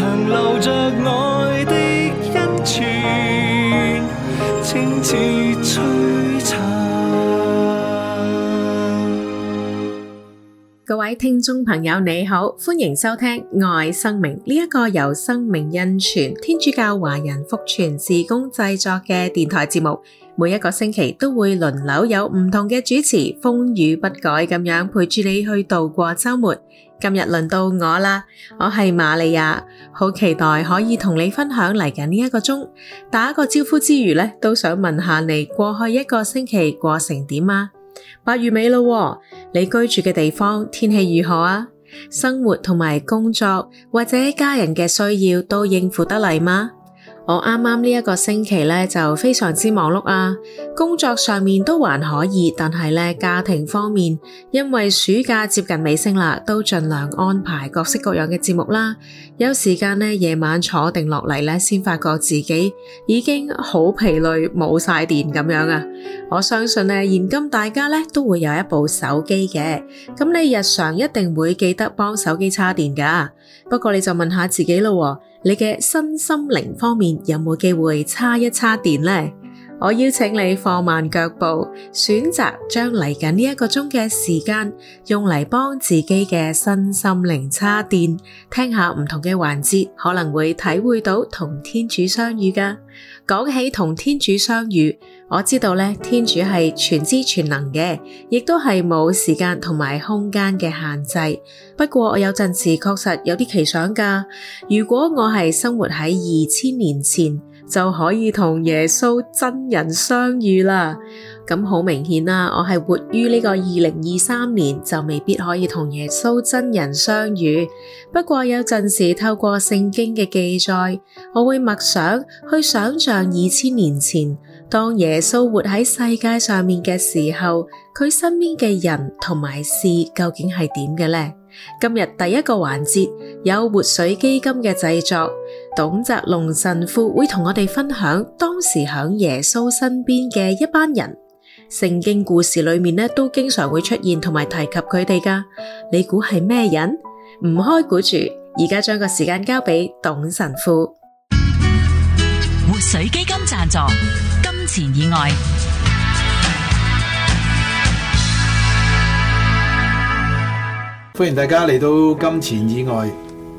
長留着愛的恩泉，清澈璀璨。各位聽眾朋友，你好，歡迎收聽《愛生命》呢一、這個由生命恩泉天主教華人福傳事工製作嘅電台節目。每一個星期都會輪流有唔同嘅主持，風雨不改咁樣陪住你去度過週末。今日輪到我啦，我係瑪利亞，好期待可以同你分享嚟緊呢一個鐘。打一個招呼之餘呢，都想問下你過去一個星期過成點啊？八月尾咯喎，你居住嘅地方天氣如何啊？生活同埋工作或者家人嘅需要都應付得嚟嗎？我啱啱呢一個星期呢，就非常之忙碌啊，工作上面都還可以，但係呢，家庭方面，因為暑假接近尾聲啦，都盡量安排各式各樣嘅節目啦。有時間呢，夜晚坐定落嚟呢，先發覺自己已經好疲累，冇晒電咁樣啊！我相信呢，現今大家呢，都會有一部手機嘅，咁你日常一定會記得幫手機叉電㗎啊。不過你就問下自己咯。你嘅身心靈方面有冇機會叉一叉電呢？我邀請你放慢腳步，選擇將嚟緊呢一個鐘嘅時間用嚟幫自己嘅身心靈叉電，聽下唔同嘅環節，可能會體會到同天主相遇噶。講起同天主相遇，我知道咧，天主係全知全能嘅，亦都係冇時間同埋空間嘅限制。不過我有陣時確實有啲奇想㗎，如果我係生活喺二千年前，就可以同耶穌真人相遇啦。咁好明顯啦，我係活於呢個二零二三年就未必可以同耶穌真人相遇。不過有陣時透過聖經嘅記載，我會默想去想象二千年前當耶穌活喺世界上面嘅時候，佢身邊嘅人同埋事究竟係點嘅呢？今日第一個環節有活水基金嘅製作，董澤龍神父會同我哋分享當時響耶穌身邊嘅一班人。聖經故事裏面咧，都經常會出現同埋提及佢哋噶。你估係咩人？唔開估住，而家將個時間交俾董神父。活水基金贊助，金錢以外，歡迎大家嚟到金錢以外。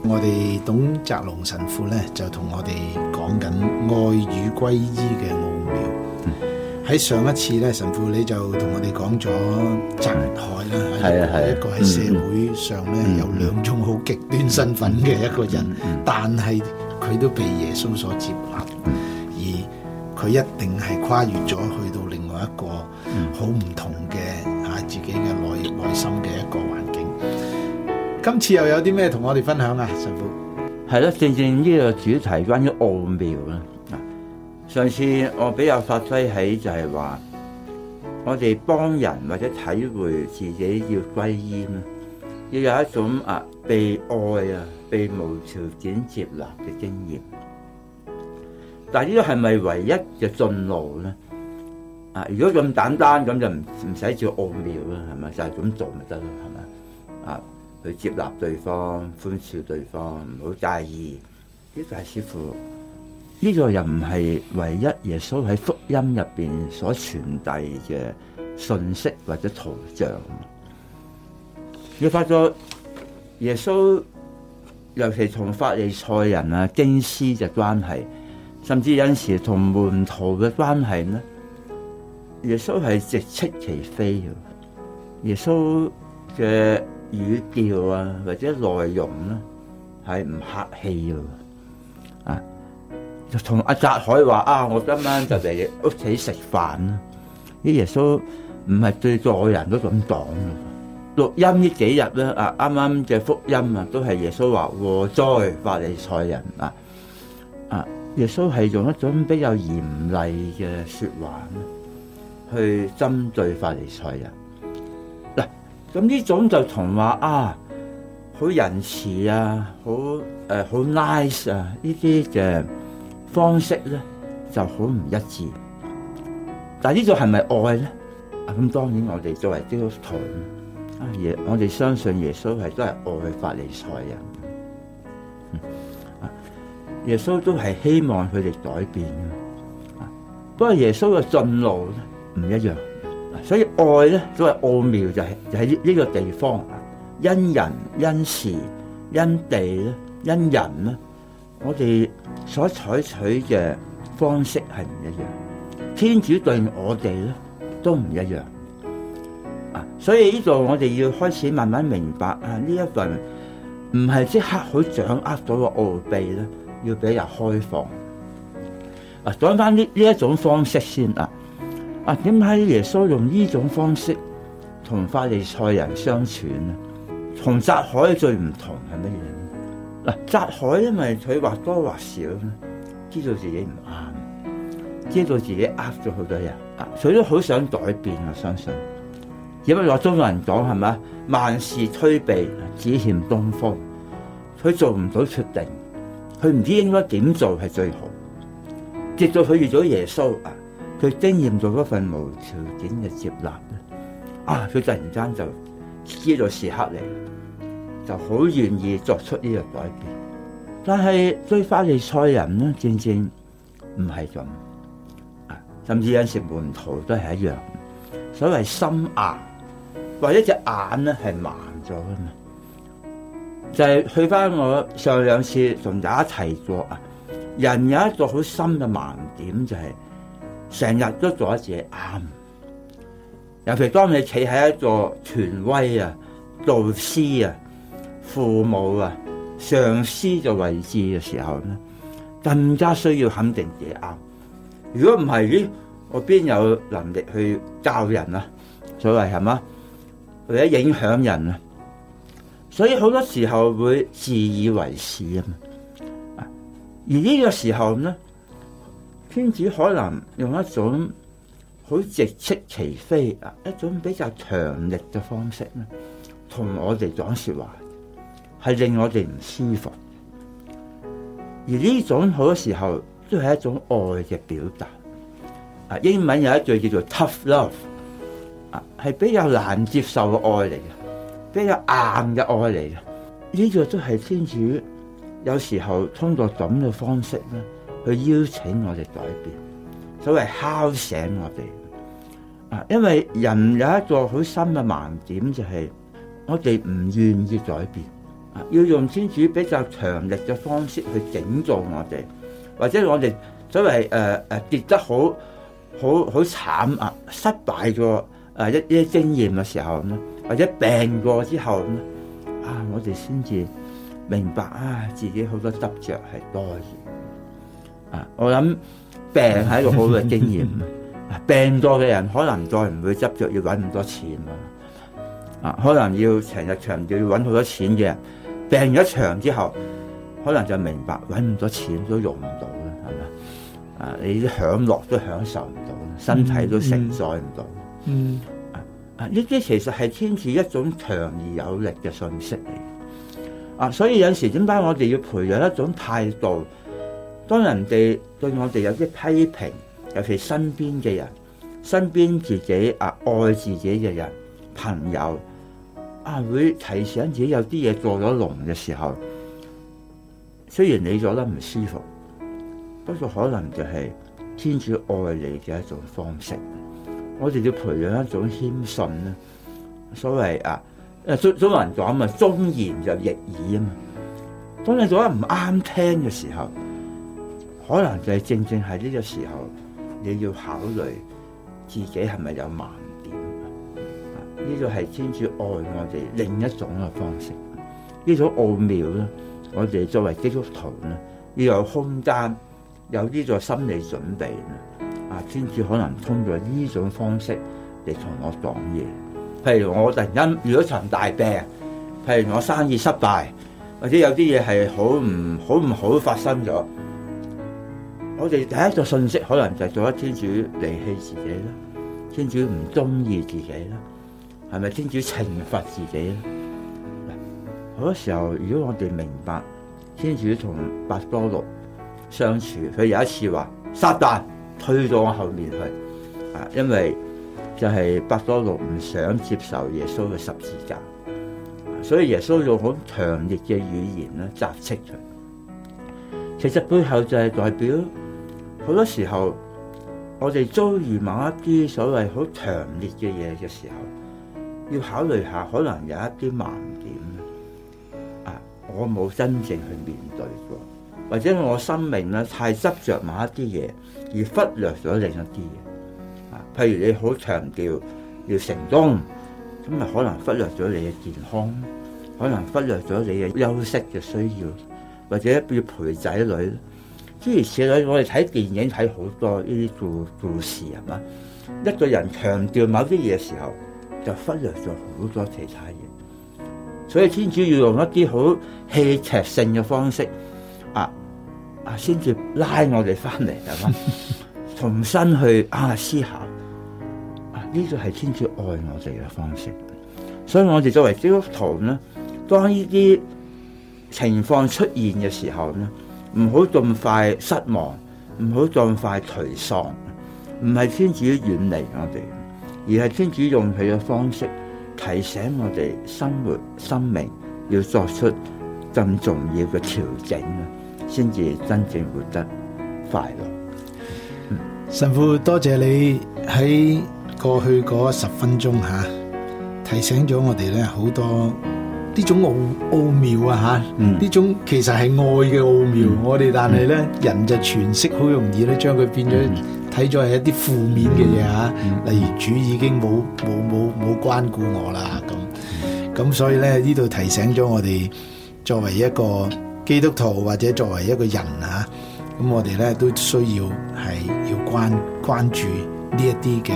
我哋董澤龍神父咧，就同我哋講緊愛與歸依嘅喺上一次咧，神父你就同我哋講咗扎海啦，係、嗯嗯、一個喺社會上咧、嗯嗯、有兩種好極端身份嘅一個人，嗯嗯、但係佢都被耶穌所接納，而佢一定係跨越咗去到另外一個好唔同嘅嚇、啊、自己嘅內內心嘅一個環境。今次又有啲咩同我哋分享啊，神父？係咯，正正呢個主題關於奧妙啊！上次我比較發揮起，就係話，我哋幫人或者體會自己要歸焉，咧，要有一種啊被愛啊被無條件接納嘅經驗。但係呢啲係咪唯一嘅進路咧？啊，如果咁簡單咁就唔唔使做奧妙啦，係咪就係、是、咁做咪得咯？係咪啊？去接納對方，歡笑對方，唔好介意呢個師傅。呢個又唔係唯一耶穌喺福音入邊所傳遞嘅信息或者圖像。你發覺耶穌，尤其從法利賽人啊、經師嘅關係，甚至有陣時同門徒嘅關係咧，耶穌係直斥其非，耶穌嘅語調啊或者內容咧係唔客氣嘅。就同阿澤海話啊，我今晚就嚟屋企食飯啦。啲耶穌唔係對在人都咁講嘅。錄音呢幾日咧，啊啱啱嘅福音啊，都係耶穌話禍災法利賽人啊啊！耶穌係用一種比較嚴厲嘅說話去針對法利賽人嗱。咁、啊、呢種就同話啊好仁慈啊，好誒、啊、好 nice 啊呢啲嘅。方式咧就好唔一致，但係呢度係咪愛咧？咁當然我哋作為基督徒，啊耶，我哋相信耶穌係都係愛法利賽人，嗯。耶穌都係希望佢哋改變嘅，啊，不過耶穌嘅進路咧唔一樣，所以愛咧作為奧妙就係、是、就喺、是、呢個地方，因人因時因地咧因人咧，我哋，所採取嘅方式係唔一樣，天主對我哋咧都唔一樣啊，所以呢度我哋要開始慢慢明白啊，呢一份唔係即刻好掌握到嘅奧秘咧，要俾人開放啊。講返呢呢一種方式先啊，啊點解耶穌用呢種方式同法利賽人相處咧？同匝凱最唔同係乜嘢？嗱，扎海因為佢或多或少知道自己唔啱，知道自己呃咗好多人，佢都好想改變。我相信，因為我中國人講係咪啊，萬事俱備，只欠東風。佢做唔到決定，佢唔知應該點做係最好。直到佢遇咗耶穌啊，佢經驗咗嗰份無條件嘅接納，啊，佢突然間就知咗時刻嚟。就好願意作出呢個改變，但係對法利賽人呢，正正唔係咁，甚至有陣時門徒都係一樣。所謂心硬，或者隻眼呢係盲咗噶嘛？就係、是、去翻我上兩次同大家提過啊，人有一個好深嘅盲點，就是，就係成日都做一隻眼，尤其當你企喺一座權威啊、導師啊。父母啊，上司嘅位置嘅時候咧，更加需要肯定自己。如果唔係咧，我邊有能力去教人啊？所謂係嘛，或者影響人啊？所以好多時候會自以為是啊。而呢個時候咧，天主可能用一種好直斥其非啊，一種比較強力嘅方式咧，同我哋講說話。係令我哋唔舒服，而呢種好多時候都係一種愛嘅表達。啊，英文有一句叫做 tough love，係比較難接受嘅愛嚟嘅，比較硬嘅愛嚟嘅。呢個都係先主天主，有時候通過咁嘅方式咧，去邀請我哋改變，所謂敲醒我哋。啊，因為人有一個好深嘅盲點，就係我哋唔願意改變。要用先至比較強力嘅方式去整造我哋，或者我哋所謂誒誒、呃、跌得好好好慘啊，失敗咗誒一啲經驗嘅時候咧，或者病過之後咧，啊我哋先至明白啊自己好多執着係多餘啊！我諗、啊啊、病係一個好嘅經驗， 病過嘅人可能再唔會執着，要揾咁多錢啊，可能要成日強調要揾好多錢嘅。病咗一場之後，可能就明白揾唔到錢都用唔到嘅，係咪？啊，你啲享樂都享受唔到，身體都承載唔到。嗯。啊呢啲其實係天賜一種強而有力嘅信息嚟。啊，所以有時點解我哋要培養一種態度？當人哋對我哋有啲批評，尤其身邊嘅人、身邊自己啊、愛自己嘅人、朋友。啊！會提醒自己有啲嘢，做咗聾嘅時候，雖然你做得唔舒服，不過可能就係天主愛你嘅一種方式。我哋要培養一種謙遜咧。所謂啊，誒，中中文講啊，忠言就逆耳啊嘛。當你做得唔啱聽嘅時候，可能就係正正係呢個時候，你要考慮自己係咪有盲。呢種係天主愛我哋另一種嘅方式，呢種奧妙咧，我哋作為基督徒咧，要有空間，有呢種心理準備啊，天主可能通過呢種方式嚟同我講嘢。譬如我突然間遇咗場大病，譬如我生意失敗，或者有啲嘢係好唔好唔好發生咗，我哋第一個信息可能就係覺得天主離棄自己啦，天主唔中意自己啦。係咪天主懲罰自己咧？好多時候，如果我哋明白天主同伯多祿相處，佢有一次話撒旦退到我後面去啊，因為就係伯多祿唔想接受耶穌嘅十字架，所以耶穌用好強烈嘅語言咧，責斥佢。其實背後就係代表好多時候，我哋遭遇某一啲所謂好強烈嘅嘢嘅時候。要考慮下，可能有一啲盲點啊！我冇真正去面對過，或者我生命咧、啊、太執着某一啲嘢，而忽略咗另一啲嘢啊！譬如你好強調要成功，咁啊可能忽略咗你嘅健康、啊，可能忽略咗你嘅休息嘅需要，或者要陪仔女。諸、啊、如此類，我哋睇電影睇好多呢啲故故事係嘛？一個人強調某啲嘢嘅時候，就忽略咗好多其他嘢，所以天主要用一啲好戲劇性嘅方式，啊啊，先至拉我哋翻嚟，咁重新去啊思考，呢個係天主愛我哋嘅方式。所以我哋作為基督徒咧，當呢啲情況出現嘅時候咧，唔好咁快失望，唔好咁快頹喪，唔係天主遠離我哋。而係天主用佢嘅方式提醒我哋生活生命，要作出咁重要嘅調整啊，先至真正活得快樂。嗯、神父多謝你喺過去嗰十分鐘吓，提醒咗我哋咧好多呢種奧奧妙啊吓，呢種其實係愛嘅奧妙，嗯、我哋但係咧、嗯、人就詮釋好容易咧將佢變咗。嗯睇咗係一啲負面嘅嘢啊，嗯、例如主已經冇冇冇冇關顧我啦，咁咁所以咧呢度提醒咗我哋作為一個基督徒或者作為一個人啊，咁我哋咧都需要係要關關注呢一啲嘅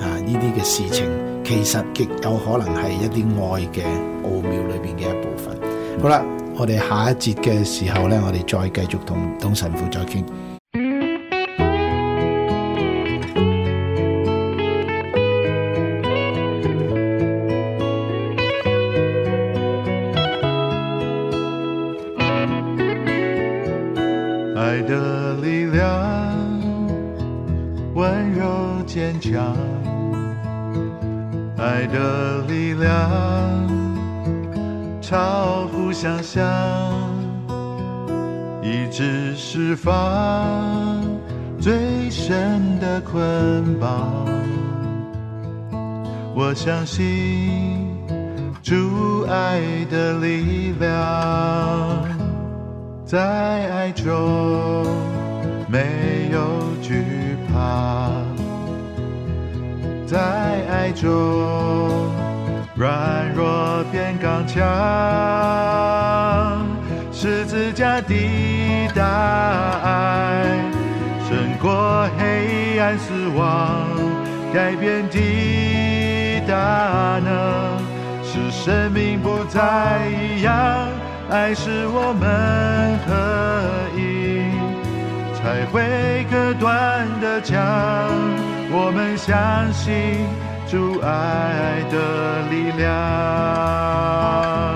啊呢啲嘅事情，其實極有可能係一啲愛嘅奧妙裏邊嘅一部分。嗯、好啦，我哋下一節嘅時候咧，我哋再繼續同同神父再傾。溫柔堅強，愛的力量超乎想象，一直釋放最深的捆綁。我相信，主愛的力量，在愛中沒有懼。啊，在愛中，軟弱變剛強。十字架的大愛，勝過黑暗死亡。改變的大能，使生命不再一樣。愛是我們和。才會割斷的牆，我們相信主愛的力量。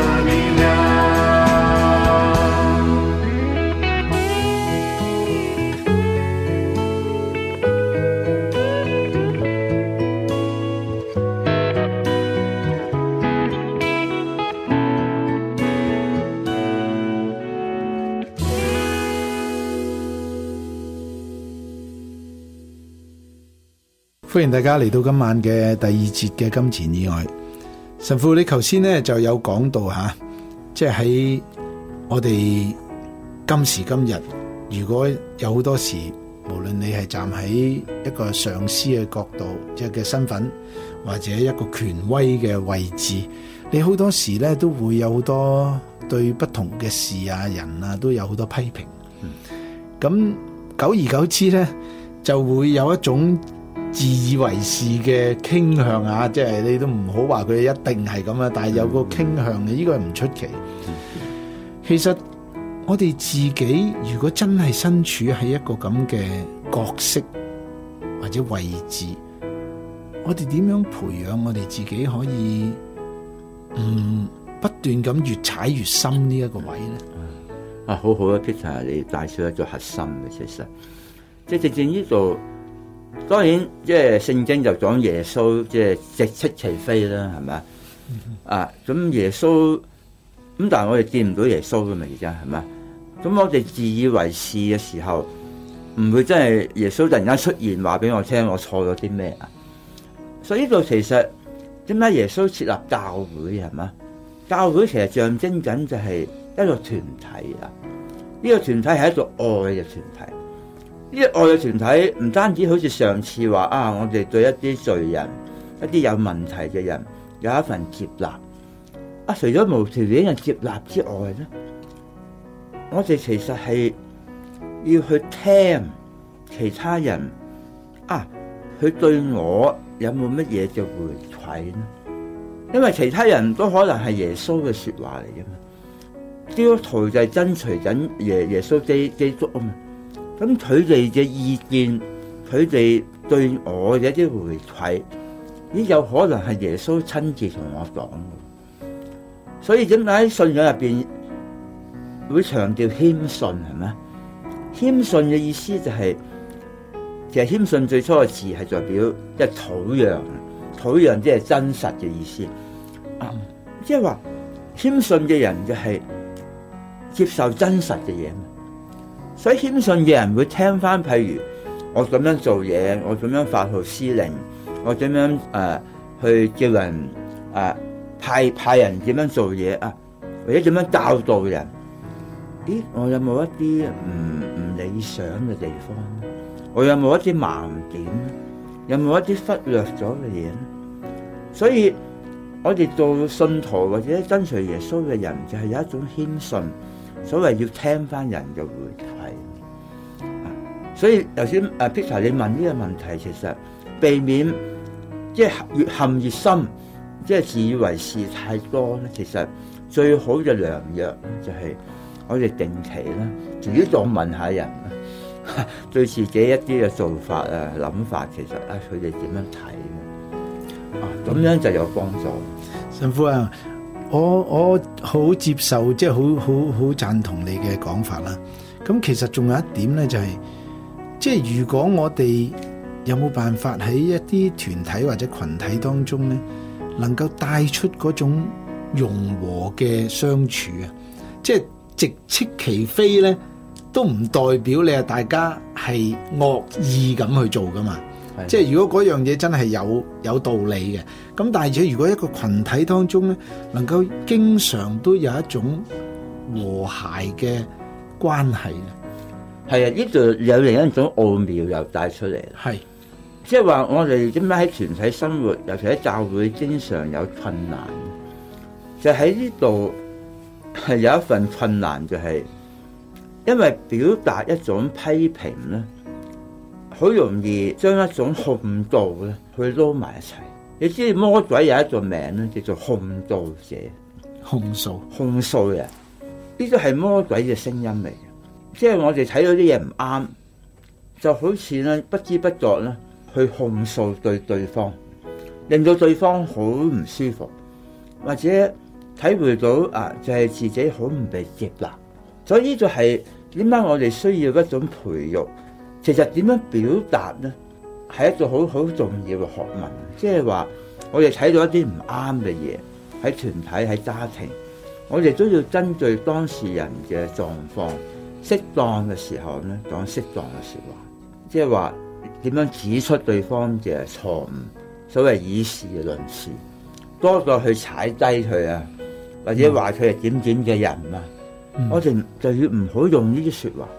歡迎大家嚟到今晚嘅第二節嘅金錢以外，神父你頭先咧就有講到吓、啊，即係喺我哋今時今日，如果有好多時，無論你係站喺一個上司嘅角度，即係嘅身份或者一個權威嘅位置，你好多時咧都會有好多對不同嘅事啊、人啊都有好多批評。咁、嗯、久而久之咧，就會有一種。自以為是嘅傾向啊，即係你都唔好話佢一定係咁啊，但係有個傾向嘅，呢、這個唔出奇。其實我哋自己如果真係身處喺一個咁嘅角色或者位置，我哋點樣培養我哋自己可以唔、嗯、不斷咁越踩越深呢一個位咧？啊、嗯，好好啊，Peter，你帶出一個核心嘅，其實即係正正呢、這個。當然，即係聖經就講耶穌即係直斥其非啦，係咪？ 啊，咁耶穌咁，但係我哋見唔到耶穌嘅名啫，係咪？咁我哋自以為是嘅時候，唔會真係耶穌突然間出現話俾我聽，我錯咗啲咩啊？所以呢度其實點解耶穌設立教會係嘛？教會其實象徵緊就係一個團體啊，呢、這個團體係一個愛嘅團體。呢外嘅團體唔單止好似上次話啊，我哋對一啲罪人、一啲有問題嘅人有一份接納。啊，除咗無條件嘅接納之外咧，我哋其實係要去聽其他人啊，佢對我有冇乜嘢嘅回饋咧？因為其他人都可能係耶穌嘅説話嚟嘅嘛，呢個台就係爭取緊耶耶穌、基基督啊嘛。咁佢哋嘅意見，佢哋對我嘅啲回饋，咦？有可能係耶穌親自同我講。所以點解喺信仰入邊會強調謙遜係咩？謙遜嘅意思就係、是、其實謙遜最初嘅字係代表即係、就是、土壤，土壤即係真實嘅意思。即係話謙遜嘅人就係接受真實嘅嘢。所以謙信嘅人會聽翻，譬如我咁樣做嘢，我咁樣發號施令，我點樣誒、uh, 去叫人誒、uh, 派派人點樣做嘢啊？或者點樣教導人？咦，我有冇一啲唔唔理想嘅地方？我有冇一啲盲點？有冇一啲忽略咗嘅嘢？所以我哋做信徒或者跟隨耶穌嘅人，就係有一種謙信，所謂要聽翻人嘅回答。所以，頭先誒 Peter，你問呢個問題，其實避免即係越陷越深，即係自以為是太多咧。其實最好嘅良藥就係我哋定期自己再問下人對自己一啲嘅做法啊、諗法，其實啊，佢哋點樣睇咧？咁樣就有幫助。啊，神父啊，我我好接受，即係好好好贊同你嘅講法啦。咁其實仲有一點咧，就係，就係。即係如果我哋有冇辦法喺一啲團體或者群體當中咧，能夠帶出嗰種融和嘅相處啊？即係直斥其非咧，都唔代表你啊大家係惡意咁去做噶嘛？的即係如果嗰樣嘢真係有有道理嘅，咁但係如果一個群體當中咧，能夠經常都有一種和諧嘅關係咧。係啊，呢度有另一種奧妙又帶出嚟。係是，即係話我哋點解喺團體生活，尤其喺教會，經常有困難。就喺呢度係有一份困難，就係因為表達一種批評咧，好容易將一種控訴咧去撈埋一齊。你知魔鬼有一個名咧，叫做控訴者、控訴、控訴人！呢個係魔鬼嘅聲音嚟嘅。即係我哋睇到啲嘢唔啱，就好似咧不知不覺咧去控訴對對方，令到對方好唔舒服，或者體會到啊，就係、是、自己好唔被接納。所以呢就係點解我哋需要一種培育。其實點樣表達咧，係一個好好重要嘅學問。即係話我哋睇到一啲唔啱嘅嘢喺團體喺家庭，我哋都要針對當事人嘅狀況。適當嘅時候咧，講適當嘅説話，即係話點樣指出對方嘅錯誤。所謂以事論事，多過去踩低佢啊，或者話佢係點點嘅人啊，嗯、我哋就要唔好用呢啲説話，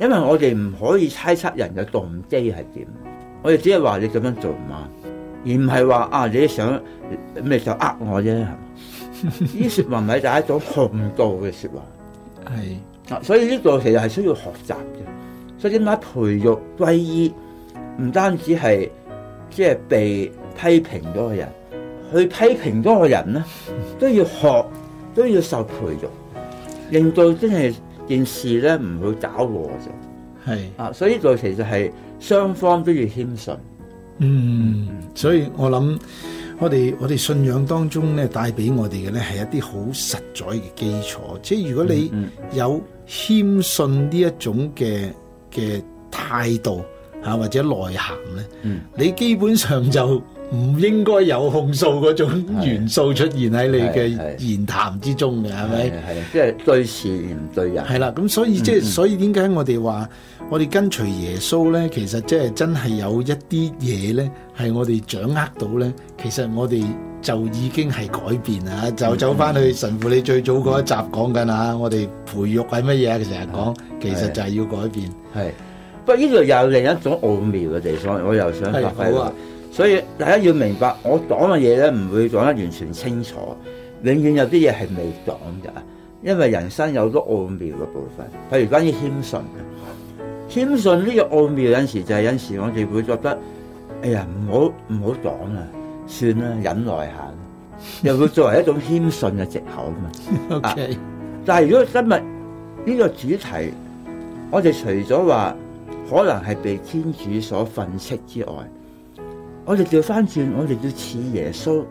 因為我哋唔可以猜測人嘅動機係點，我哋只係話你咁樣做嘛，而唔係話啊你想咩就呃我啫。呢説 話咪就係一種控訴嘅説話，係。嗱、啊，所以呢度其實係需要學習嘅，所以點解培育歸依，唔單止係即係被批評嗰個人，去批評嗰個人咧，都要學，都要受培育，令到真係件事咧唔會搞禍嘅。係是啊，所以呢度其實係雙方都要謙遜。嗯，嗯所以我諗。我哋我哋信仰當中咧，帶俾我哋嘅咧，係一啲好實在嘅基礎，即係如果你有謙信呢一種嘅嘅態度。吓或者內涵咧，嗯、你基本上就唔應該有控訴嗰種元素出現喺你嘅言談之中嘅，係咪？係即係對事唔對人。係啦，咁所以即係、就是、所以點解我哋話我哋跟隨耶穌咧，其實即係真係有一啲嘢咧，係我哋掌握到咧，其實我哋就已經係改變啦。就走翻去神父你最早嗰一集講緊吓，嗯嗯我哋培育係乜嘢？其成日講，其實就係要改變。係。不過呢度又另一種奧妙嘅地方，我又想發揮。啊、所以大家要明白，我講嘅嘢咧唔會講得完全清楚，永遠有啲嘢係未講㗎，因為人生有好多奧妙嘅部分。譬如關於謙遜，謙遜呢個奧妙，有時就係有時我哋會覺得，哎呀唔好唔好講啊，算啦，忍耐下又會作為一種謙遜嘅藉口嘛 Okay. 啊。O 但係如果今日呢個主題，我哋除咗話。可能係被天主所訓斥之外，我哋調返轉，我哋要似耶穌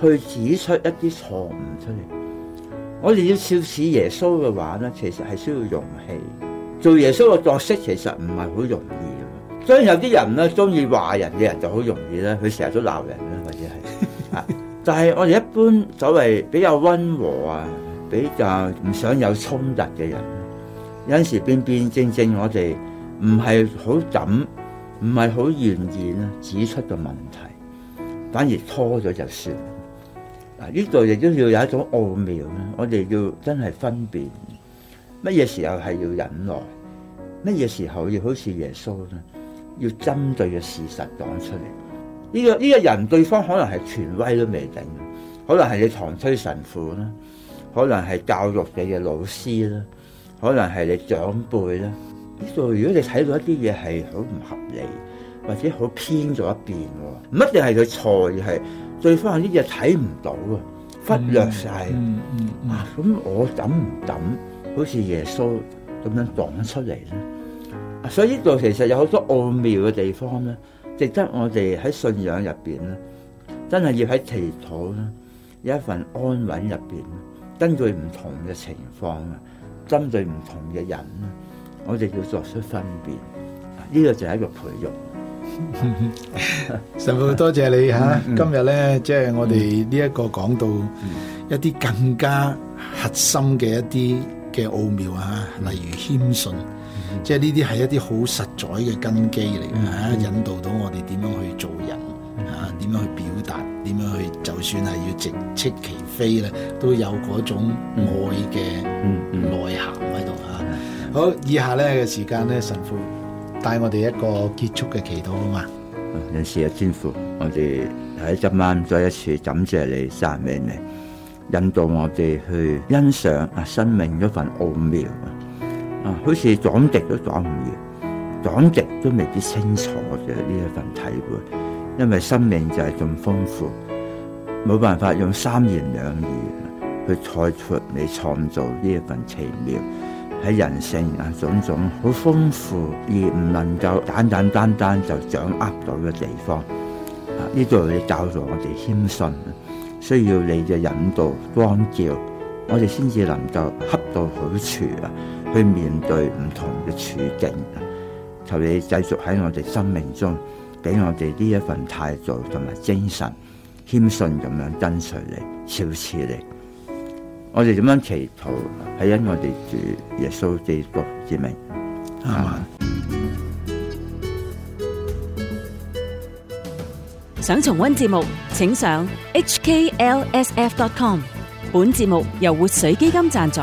去指出一啲錯誤出嚟。我哋要照似耶穌嘅話咧，其實係需要勇氣。做耶穌嘅角色其實唔係好容易。所以有啲人咧鍾意話人嘅人就好容易咧，佢成日都鬧人咧或者係。就係 我哋一般所謂比較溫和啊，比較唔想有衝突嘅人，有陣時邊邊正正我哋。唔係好忍，唔係好願意啊指出個問題，反而拖咗就算。嗱、啊，呢度亦都要有一種奧妙啦。我哋要真係分辨乜嘢時候係要忍耐，乜嘢時候要好似耶穌咧，要針對嘅事實講出嚟。呢個呢個人對方可能係權威都未定，可能係你堂區神父啦，可能係教育你嘅老師啦，可能係你長輩啦。呢度如果你睇到一啲嘢係好唔合理，或者好偏咗一邊喎，唔一定係佢錯，而係對方有啲嘢睇唔到啊，忽略晒。嗯嗯嗯、啊。咁我敢唔敢，好似耶穌咁樣講出嚟咧？所以呢度其實有好多奧妙嘅地方咧，值得我哋喺信仰入邊咧，真係要喺祈禱咧，有一份安穩入邊，根據唔同嘅情況啊，針對唔同嘅人咧。我哋要作出分辨，呢、這個就係一個培育。 神父多謝你吓，啊嗯嗯、今日咧即係我哋呢一個講到一啲更加核心嘅一啲嘅奧妙啊，例如謙遜，即係呢啲係一啲好實在嘅根基嚟嘅吓，引導到我哋點樣去做人、嗯、啊，點樣去表達，點樣去就算係要直斥其非咧，都有嗰種愛嘅內涵。好，以下咧嘅時間咧，神父帶我哋一個結束嘅祈禱啊嘛。人事嘅天父，我哋喺今晚再一次感謝你生命嚟，引導我哋去欣賞啊生命一份奧妙啊，啊，好似講極都講唔完，講極都未必清楚嘅呢一份體會，因為生命就係咁豐富，冇辦法用三言兩語去採出你創造呢一份奇妙。喺人性啊，種種好豐富而唔能夠簡簡單單就掌握到嘅地方啊！呢度你教導我哋謙遜，需要你嘅引導光照，我哋先至能夠恰到好處啊，去面對唔同嘅處境啊！求你繼續喺我哋生命中俾我哋呢一份態度同埋精神謙遜咁樣跟隨你，小似你。我哋點樣祈禱，係因我哋住耶穌基督之名，係嘛？想重温節目，請上 hklsf.com。本節目由活水基金贊助。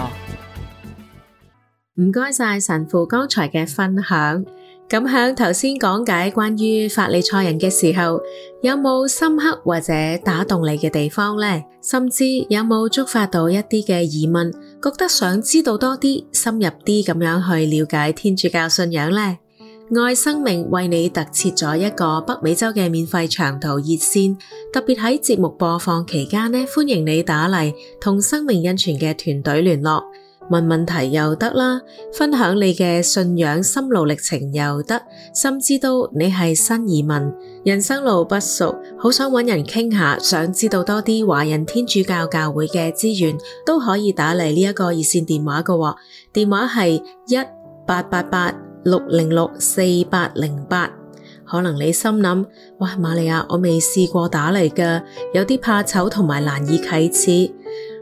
唔該晒神父剛才嘅分享。咁響頭先講解關於法利賽人嘅時候，有冇深刻或者打動你嘅地方呢？甚至有冇觸發到一啲嘅疑問，覺得想知道多啲、深入啲咁樣去了解天主教信仰呢？愛生命為你特設咗一個北美洲嘅免費長途熱線，特別喺節目播放期間呢，歡迎你打嚟同生命印傳嘅團隊聯絡。問問題又得啦，分享你嘅信仰心路歷程又得，甚至都你係新移民，人生路不熟，好想搵人傾下，想知道多啲華人天主教教會嘅資源，都可以打嚟呢一個熱線電話㗎，電話係一八八八六零六四八零八。可能你心諗，哇，瑪利亞，我未試過打嚟㗎，有啲怕醜同埋難以啟齒。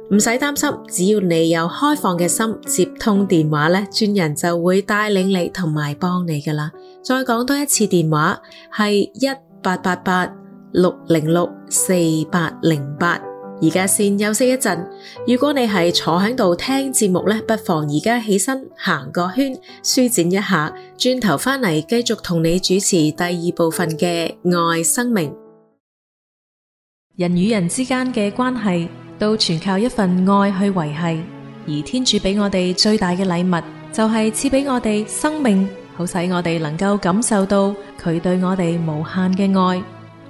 唔使擔心，只要你有開放嘅心接通電話咧，專人就會帶領你同埋幫你㗎喇。再講多一次電話係一八八八六零六四八零八。而家先休息一陣，如果你係坐喺度聽節目呢，不妨而家起身行個圈，舒展一下，轉頭返嚟繼續同你主持第二部分嘅愛生命，人與人之間嘅關係。都全靠一份愛去維繫，而天主俾我哋最大嘅禮物就係賜俾我哋生命，好使我哋能夠感受到佢對我哋無限嘅愛。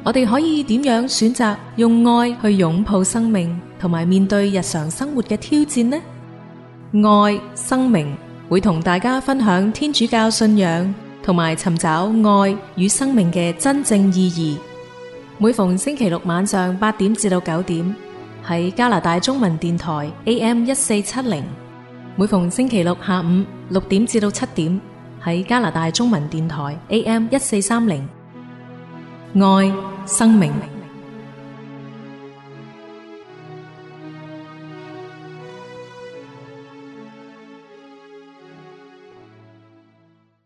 我哋可以點樣選擇用愛去擁抱生命，同埋面對日常生活嘅挑戰呢？愛生命會同大家分享天主教信仰，同埋尋找愛與生命嘅真正意義。每逢星期六晚上八點至到九點。喺加拿大中文電台 AM 一四七零，每逢星期六下午六點至到七點，喺加拿大中文電台 AM 一四三零，愛生命。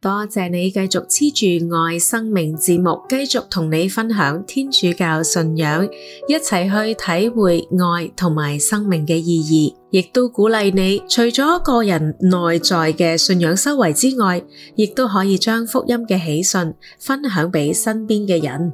多謝你繼續黐住愛生命節目，繼續同你分享天主教信仰，一齊去體會愛同埋生命嘅意義，亦都鼓勵你，除咗個人內在嘅信仰修為之外，亦都可以將福音嘅喜訊分享俾身邊嘅人。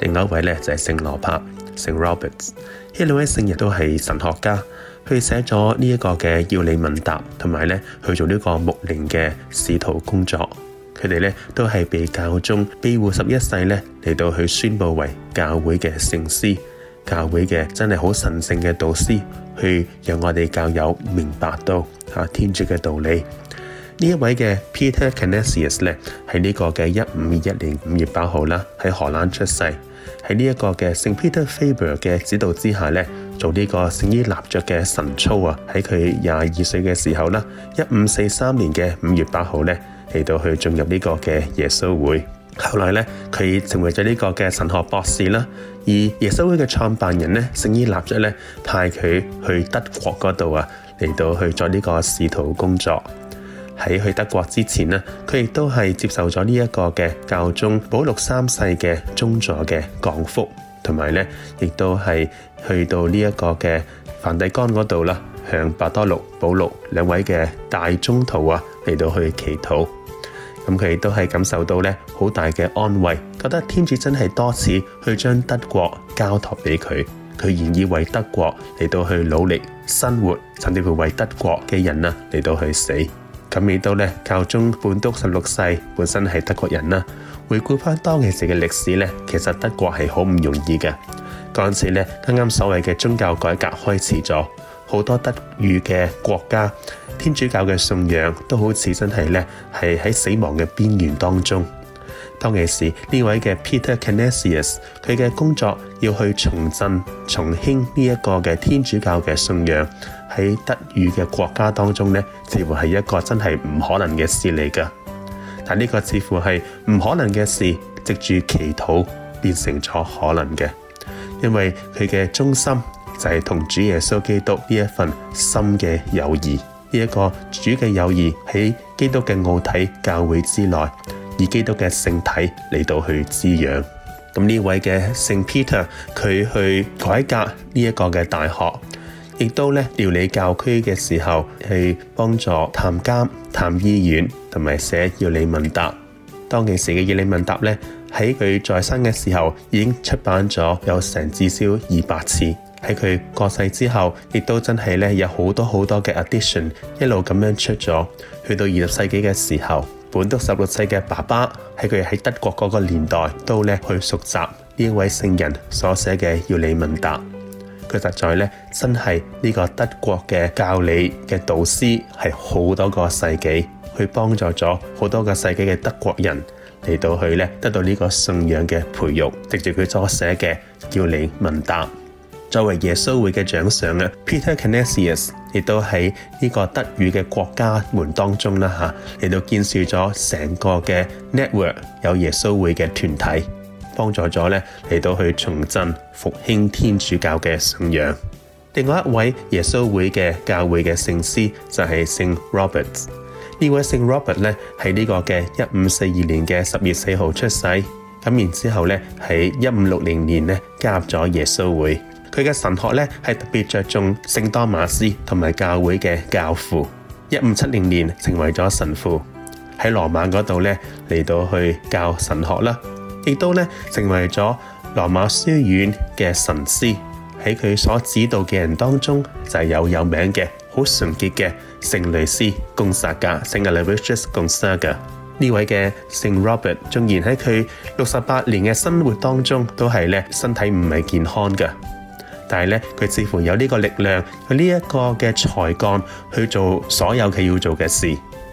另外一位咧就係聖羅伯聖 Roberts，呢兩位聖人，都係神學家，佢寫咗呢一個嘅要理問答，同埋咧去做呢個牧靈嘅使徒工作。佢哋咧都係被教宗庇護十一世咧嚟到去宣布為教會嘅聖師，教會嘅真係好神聖嘅導師，去讓我哋教友明白到啊天主嘅道理。呢一位嘅 Peter Canessius 咧，喺呢個嘅一五二一年五月八號啦，喺荷蘭出世。喺呢一個嘅聖 Peter Faber 嘅指導之下咧，做呢個聖伊納爵嘅神操啊。喺佢廿二歲嘅時候啦，一五四三年嘅五月八號咧嚟到去進入呢個嘅耶穌會。後嚟咧，佢成為咗呢個嘅神學博士啦。而耶穌會嘅創辦人咧，聖伊納爵咧派佢去德國嗰度啊嚟到去做呢個使徒工作。喺去德國之前咧，佢亦都係接受咗呢一個嘅教宗保祿三世嘅宗座嘅降福，同埋咧，亦都係去到呢一個嘅梵蒂岡嗰度啦，向伯多祿保祿兩位嘅大宗徒啊嚟到去祈禱。咁佢亦都係感受到咧好大嘅安慰，覺得天主真係多次去將德國交託俾佢，佢願意為德國嚟到去努力生活，甚至乎為德國嘅人啊嚟到去死。咁而到咧教宗本篤十六世本身係德國人啦。回顧翻當其時嘅歷史咧，其實德國係好唔容易嘅。嗰陣時咧，啱啱所謂嘅宗教改革開始咗，好多德語嘅國家天主教嘅信仰都好似真係咧係喺死亡嘅邊緣當中。當其時呢位嘅 Peter Canisius，佢嘅工作要去重振、重興呢一個嘅天主教嘅信仰。喺德語嘅國家當中呢，似乎係一個真係唔可能嘅事嚟噶。但呢個似乎係唔可能嘅事，藉住祈禱變成咗可能嘅，因為佢嘅中心就係同主耶穌基督呢一份深嘅友誼，呢一個主嘅友誼喺基督嘅奧體教會之內，以基督嘅聖體嚟到去滋養。咁呢位嘅聖 Peter 佢去改革呢一個嘅大學。亦都咧料理教區嘅時候，去幫助探監、探醫院，同埋寫要理問答。當其時嘅要理問答咧，喺佢在，在生嘅時候已經出版咗有成至少二百次。喺佢過世之後，亦都真係咧有好多好多嘅 addition，一路咁樣出咗。去到二十世紀嘅時候，本篤十六世嘅爸爸喺佢喺德國嗰個年代，都咧去熟習呢位聖人所寫嘅要理問答。佢實在真係呢個德國嘅教理嘅導師，係好多個世紀去幫助咗好多個世紀嘅德國人嚟到佢咧，得到呢個信仰嘅培育，藉住佢所寫嘅叫你問答，作為耶穌會嘅獎賞 Peter Canisius 亦都喺呢個德語嘅國家們當中啦嚇，嚟、啊、到建設咗成個嘅 network 有耶穌會嘅團體。幫助咗咧嚟到去重振復興天主教嘅信仰。另外一位耶穌會嘅教會嘅聖師就係聖 Robert。位聖 Robert 呢位聖 Robert 咧喺呢個嘅一五四二年嘅十月四號出世。咁然之後咧喺一五六零年咧加入咗耶穌會。佢嘅神學咧係特別着重聖多馬斯同埋教會嘅教父。一五七零年成為咗神父，喺羅馬嗰度咧嚟到去教神學啦。亦都咧，成為咗羅馬書院嘅神師。喺佢所指導嘅人當中，就係、是、有有名嘅好純潔嘅聖類斯公撒格，聖類維斯公撒格。呢位嘅聖羅伯特，縱然喺佢六十八年嘅生活當中，都係咧身體唔係健康噶，但係咧佢似乎有呢個力量，佢呢一個嘅才幹去做所有佢要做嘅事。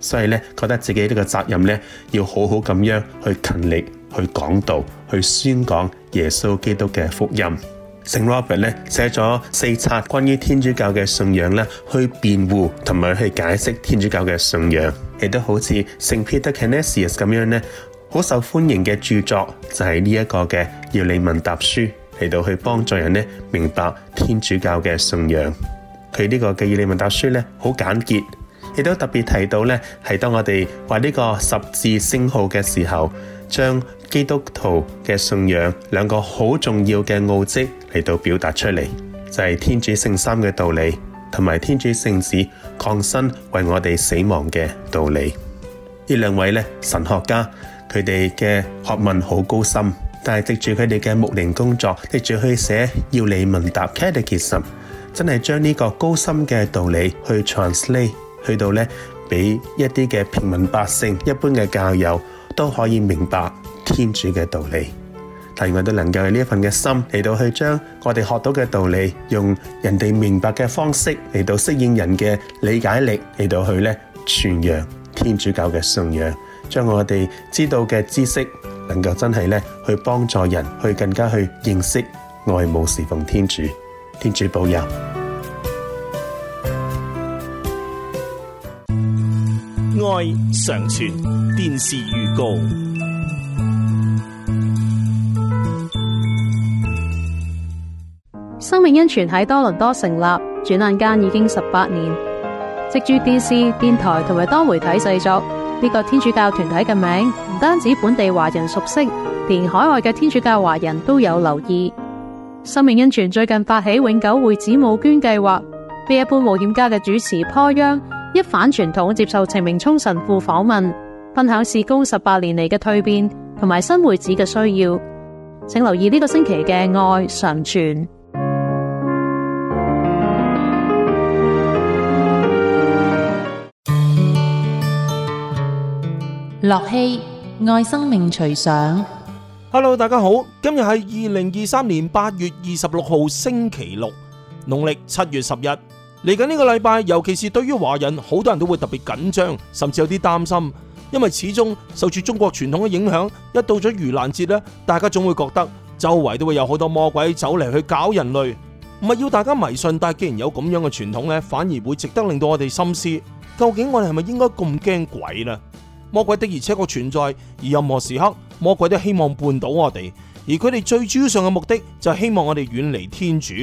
所以咧，覺得自己呢個責任咧，要好好咁樣去勤力去講道、去宣講耶穌基督嘅福音。聖羅伯咧寫咗四冊關於天主教嘅信仰咧，去辯護同埋去解釋天主教嘅信仰，亦都好似聖 Peter Canisius 咁樣咧，好受歡迎嘅著作就係呢一個嘅要理問答書，嚟到去幫助人咧明白天主教嘅信仰。佢呢、呢個《要理問答書》咧好簡潔。亦都特別提到咧，係當我哋畫呢個十字聖號嘅時候，將基督徒嘅信仰兩個好重要嘅奧跡嚟到表達出嚟，就係天主聖三嘅道理，同埋天主聖子降生為我哋死亡嘅道理。呢兩位咧神學家，佢哋嘅學問好高深，但係藉住佢哋嘅牧靈工作，藉住去寫要理問答 catechism，真係將呢個高深嘅道理去 translate。去到呢，俾一啲嘅平民百姓、一般嘅教友都可以明白天主嘅道理。但我都能夠用呢一份嘅心嚟到，去將我哋學到嘅道理，用人哋明白嘅方式嚟到適應人嘅理解力嚟到去呢傳揚天主教嘅信仰，將我哋知道嘅知識能夠真係呢去幫助人，去更加去認識、愛慕、侍奉天主。天主保佑。愛常傳電視預告，生命恩泉喺多倫多成立，轉眼間已經十八年。藉住電視、電台同埋多媒體製作呢個天主教團體嘅名，唔單止本地華人熟悉，連海外嘅天主教華人都有留意。生命恩泉最近發起永久會址募捐計劃，被一般冒險家嘅主持拖秧。一反傳統，接受程明聰神父訪問，分享事工十八年嚟嘅蛻變同埋新會址嘅需要。請留意呢個星期嘅愛常傳。駱曦《愛生命隨想。Hello，大家好，今日係二零二三年八月二十六號星期六，農曆七月十一。嚟緊呢個禮拜，尤其是對於華人，好多人都會特別緊張，甚至有啲擔心，因為始終受住中國傳統嘅影響，一到咗盂蘭節咧，大家總會覺得周圍都會有好多魔鬼走嚟去搞人類，唔係要大家迷信，但係既然有咁樣嘅傳統咧，反而會值得令到我哋深思，究竟我哋係咪應該咁驚鬼咧？魔鬼的而且確存在，而任何時刻，魔鬼都希望絆倒我哋，而佢哋最主要上嘅目的就係希望我哋遠離天主。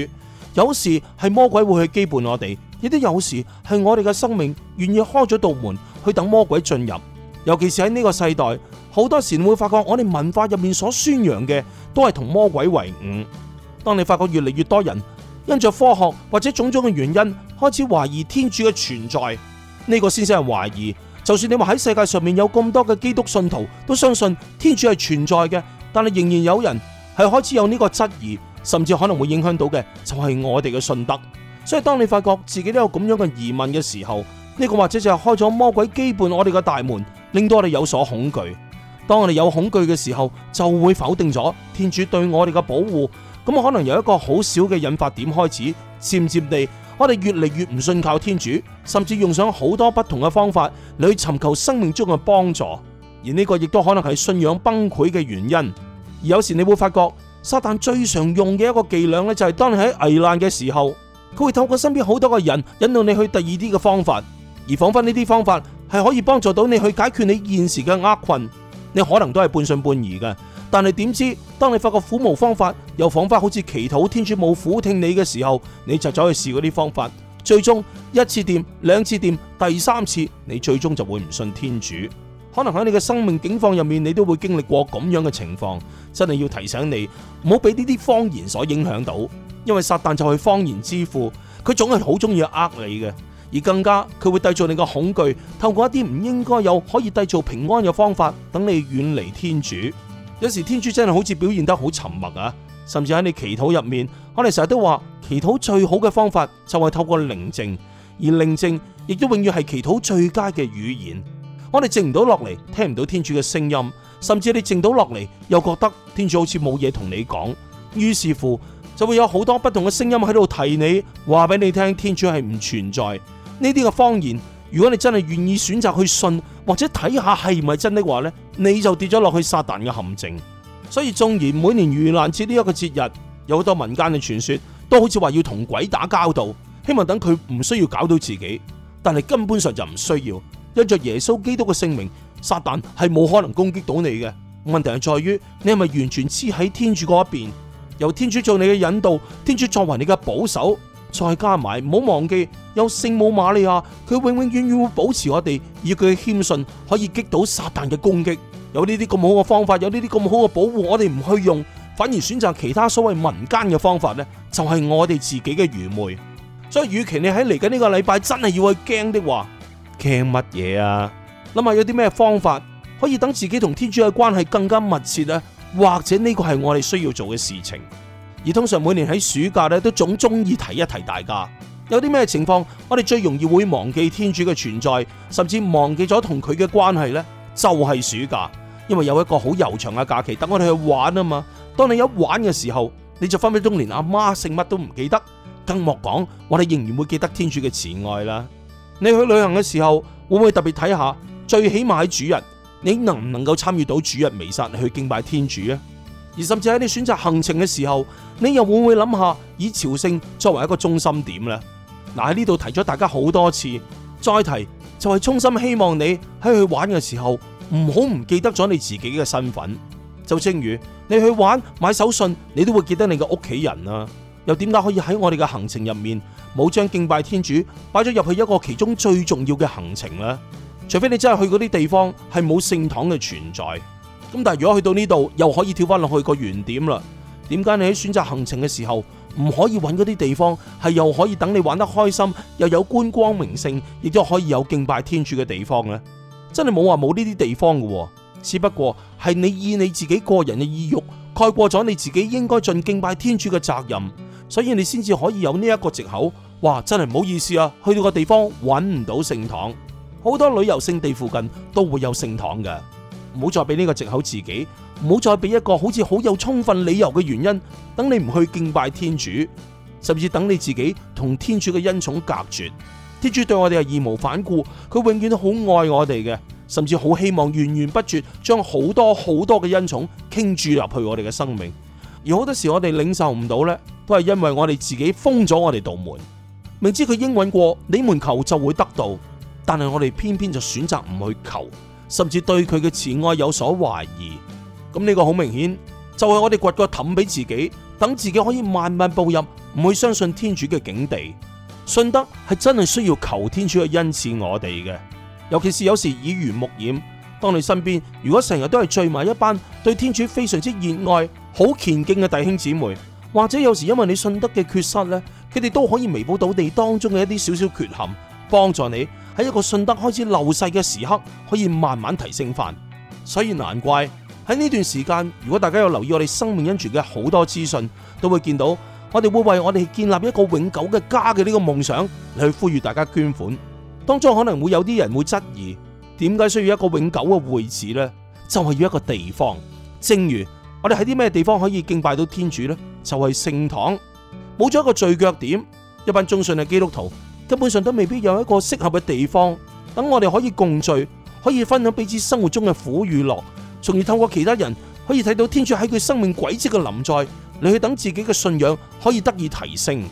有時係魔鬼會去羈絆我哋，亦都有時係我哋嘅生命願意開咗道門去等魔鬼進入。尤其是喺呢個世代，好多時會發覺我哋文化入面所宣揚嘅都係同魔鬼為伍。當你發覺越嚟越多人因着科學或者種種嘅原因開始懷疑天主嘅存在，呢個先至係懷疑。就算你話喺世界上面有咁多嘅基督信徒都相信天主係存在嘅，但係仍然有人係開始有呢個質疑。甚至可能會影響到嘅就係我哋嘅信德，所以當你發覺自己都有咁樣嘅疑問嘅時候，呢個或者就係開咗魔鬼基本我哋嘅大門，令到我哋有所恐懼。當我哋有恐懼嘅時候，就會否定咗天主對我哋嘅保護。咁可能由一個好小嘅引發點開始，漸漸地我哋越嚟越唔信靠天主，甚至用上好多不同嘅方法嚟尋求生命中嘅幫助。而呢個亦都可能係信仰崩潰嘅原因。而有時你會發覺。撒旦最常用嘅一個伎倆咧，就係當你喺危難嘅時候，佢會透過身邊好多個人引導你去第二啲嘅方法，而仿佛呢啲方法係可以幫助到你去解決你現時嘅厄困。你可能都係半信半疑嘅，但係點知當你發覺苦無方法，又仿佛好似祈禱天主冇苦聽你嘅時候，你就走去試嗰啲方法，最終一次掂、兩次掂、第三次，你最終就會唔信天主。可能喺你嘅生命境況入面，你都會經歷過咁樣嘅情況，真係要提醒你，唔好俾呢啲謊言所影響到，因為撒旦就係謊言之父，佢總係好中意呃你嘅，而更加佢會製造你嘅恐懼，透過一啲唔應該有可以製造平安嘅方法，等你遠離天主。有時天主真係好似表現得好沉默啊，甚至喺你祈禱入面，我哋成日都話祈禱最好嘅方法就係透過寧靜，而寧靜亦都永遠係祈禱最佳嘅語言。我哋靜唔到落嚟，聽唔到天主嘅聲音，甚至你靜到落嚟，又覺得天主好似冇嘢同你講，於是乎就會有好多不同嘅聲音喺度提你，話俾你聽天主係唔存在呢啲嘅謊言。如果你真係願意選擇去信，或者睇下係唔係真嘅話呢，你就跌咗落去撒旦嘅陷阱。所以縱然每年盂蘭節呢一個節日，有好多民間嘅傳說，都好似話要同鬼打交道，希望等佢唔需要搞到自己，但係根本上就唔需要。因着耶穌基督嘅聖名，撒旦係冇可能攻擊到你嘅。問題係在於你係咪完全黐喺天主嗰一邊，由天主做你嘅引導，天主作為你嘅保守，再加埋唔好忘記有聖母瑪利亞，佢永永遠遠會保持我哋以佢嘅謙遜可以擊倒撒旦嘅攻擊。有呢啲咁好嘅方法，有呢啲咁好嘅保護，我哋唔去用，反而選擇其他所謂民間嘅方法呢就係、是、我哋自己嘅愚昧。所以，與其你喺嚟緊呢個禮拜真係要去驚的話，傾乜嘢啊？諗下有啲咩方法可以等自己同天主嘅關係更加密切呢？或者呢個係我哋需要做嘅事情。而通常每年喺暑假咧，都總中意提一提大家有啲咩情況。我哋最容易會忘記天主嘅存在，甚至忘記咗同佢嘅關係呢？就係暑假，因為有一個好悠長嘅假期等我哋去玩啊嘛。當你一玩嘅時候，你就分分鐘連阿媽姓乜都唔記得，更莫講我哋仍然會記得天主嘅慈愛啦。你去旅行嘅時候，會唔會特別睇下最起碼喺主日，你能唔能夠參與到主日彌撒去敬拜天主啊？而甚至喺你選擇行程嘅時候，你又會唔會諗下以朝聖作為一個中心點呢？嗱，喺呢度提咗大家好多次，再提就係衷心希望你喺去玩嘅時候，唔好唔記得咗你自己嘅身份。就正如你去玩買手信，你都會記得你嘅屋企人啊。又點解可以喺我哋嘅行程入面冇將敬拜天主擺咗入去一個其中最重要嘅行程呢？除非你真係去嗰啲地方係冇聖堂嘅存在。咁但係如果去到呢度，又可以跳翻落去個原點啦。點解你喺選擇行程嘅時候唔可以揾嗰啲地方係又可以等你玩得開心，又有觀光名勝，亦都可以有敬拜天主嘅地方呢？真係冇話冇呢啲地方㗎。只不過係你以你自己個人嘅意欲蓋過咗你自己應該盡敬拜天主嘅責任。所以你先至可以有呢一個借口，哇！真係唔好意思啊，去到個地方揾唔到聖堂，好多旅遊勝地附近都會有聖堂嘅，唔好再俾呢個借口自己，唔好再俾一個好似好有充分理由嘅原因，等你唔去敬拜天主，甚至等你自己同天主嘅恩寵隔絕。天主對我哋係義無反顧，佢永遠都好愛我哋嘅，甚至好希望源源不絕將好多好多嘅恩寵傾注入去我哋嘅生命，而好多時我哋領受唔到呢？都係因為我哋自己封咗我哋道門，明知佢應允過，你們求就會得到，但係我哋偏偏就選擇唔去求，甚至對佢嘅慈愛有所懷疑。咁呢個好明顯就係、是、我哋掘個氹俾自己，等自己可以慢慢步入，唔會相信天主嘅境地。信德係真係需要求天主去恩賜我哋嘅，尤其是有時耳濡目染。當你身邊如果成日都係聚埋一班對天主非常之熱愛、好虔敬嘅弟兄姊妹。或者有時因為你信德嘅缺失呢，佢哋都可以彌補到你當中嘅一啲少少缺陷，幫助你喺一個信德開始流逝嘅時刻，可以慢慢提升翻。所以難怪喺呢段時間，如果大家有留意我哋生命恩泉嘅好多資訊，都會見到我哋會為我哋建立一個永久嘅家嘅呢個夢想嚟，去呼籲大家捐款。當中可能會有啲人會質疑，點解需要一個永久嘅會址呢？就係、是、要一個地方。正如我哋喺啲咩地方可以敬拜到天主呢？」就係聖堂，冇咗一個聚腳點，一班忠信嘅基督徒根本上都未必有一個適合嘅地方，等我哋可以共聚，可以分享彼此生活中嘅苦與樂，從而透過其他人可以睇到天主喺佢生命軌跡嘅臨在，嚟去等自己嘅信仰可以得以提升。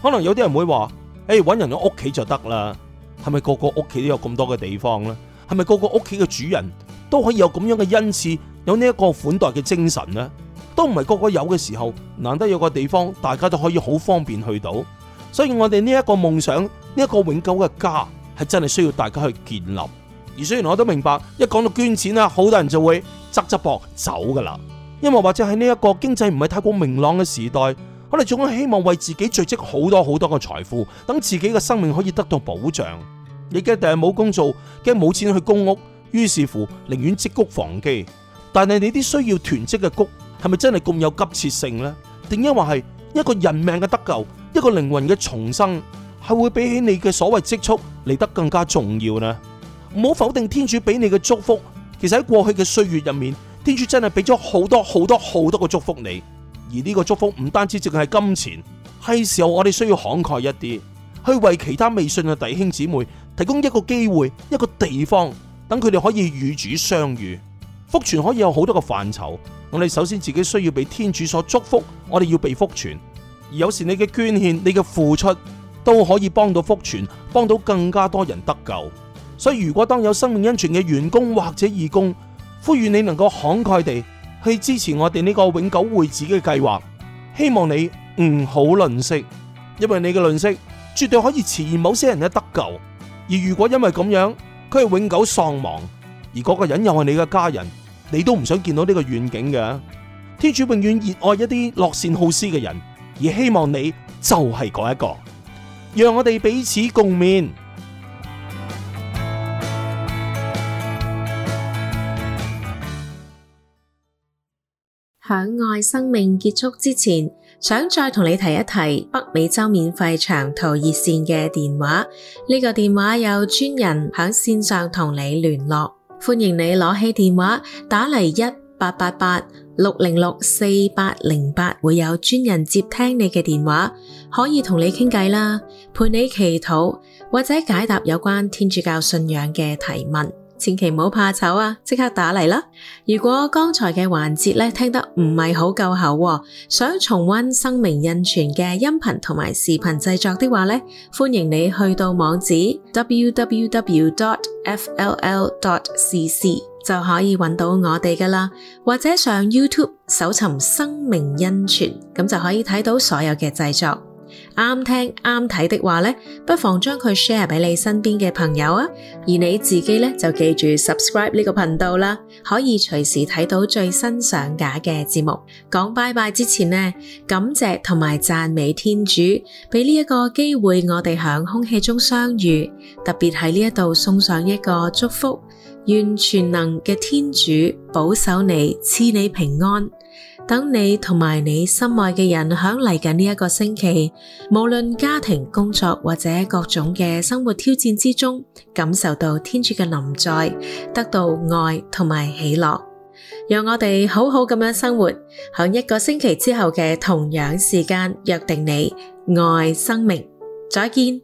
可能有啲人會話：「誒、hey，搵人嘅屋企就得啦，係咪個個屋企都有咁多嘅地方呢？係咪個個屋企嘅主人都可以有咁樣嘅恩賜，有呢一個款待嘅精神呢？」都唔係個個有嘅時候，難得有個地方，大家都可以好方便去到。所以我哋呢一個夢想，呢一個永久嘅家，係真係需要大家去建立。而雖然我都明白，一講到捐錢啦，好多人就會側側膊走噶啦。因為或者喺呢一個經濟唔係太過明朗嘅時代，我哋總係希望為自己聚積好多好多嘅財富，等自己嘅生命可以得到保障。你一定係冇工做，驚冇錢去供屋，於是乎寧願積穀防飢。但係你啲需要囤積嘅穀。係咪真係咁有急切性呢？定抑或係一個人命嘅得救，一個靈魂嘅重生，係會比起你嘅所謂積蓄嚟得更加重要呢？唔好否定天主俾你嘅祝福。其實喺過去嘅歲月入面，天主真係俾咗好多好多好多嘅祝福你。而呢個祝福唔單止淨係金錢，係時候我哋需要慷慨一啲，去為其他未信嘅弟兄姊妹提供一個機會、一個地方，等佢哋可以與主相遇。福傳可以有好多個範疇。我哋首先自己需要被天主所祝福，我哋要被福傳。而有時你嘅捐獻、你嘅付出都可以幫到福傳，幫到更加多人得救。所以如果當有生命恩泉嘅員工或者義工，呼籲你能夠慷慨地去支持我哋呢個永久會址嘅計劃，希望你唔好吝嗇，因為你嘅吝嗇絕對可以遲延某些人嘅得救。而如果因為咁樣，佢係永久喪亡，而嗰個人又係你嘅家人。你都唔想見到呢個願景嘅，天主永遠熱愛一啲樂善好施嘅人，而希望你就係嗰一個，讓我哋彼此共勉。響愛生命結束之前，想再同你提一提北美洲免費長途熱線嘅電話，呢個電話有專人響線上同你聯絡。歡迎你攞起電話打嚟一八八八六零六四八零八，會有專人接聽你嘅電話，可以同你傾偈啦，陪你祈禱或者解答有關天主教信仰嘅提問。千祈唔好怕醜啊，即刻打嚟啦！如果剛才嘅環節咧聽得唔係好夠喉啊，想重溫《生命恩泉》嘅音頻同埋視頻製作的話呢，歡迎你去到網址 w w w. dot f l l. dot c c 就可以揾到我哋噶啦，或者上 YouTube 搜尋《生命恩泉》，咁就可以睇到所有嘅製作。啱聽啱睇的話呢，不妨將佢 share 俾你身邊嘅朋友啊！而你自己呢，就記住 subscribe 呢個頻道啦，可以隨時睇到最新上架嘅節目。講拜拜之前呢，感謝同埋讚美天主俾呢一個機會我哋響空氣中相遇，特別喺呢一度送上一個祝福，願全能嘅天主保守你，賜你平安。等你同埋你心愛嘅人響嚟緊呢一個星期，無論家庭、工作或者各種嘅生活挑戰之中，感受到天主嘅臨在，得到愛同埋喜樂，讓我哋好好咁樣生活。響一個星期之後嘅同樣時間，約定你愛生命，再見。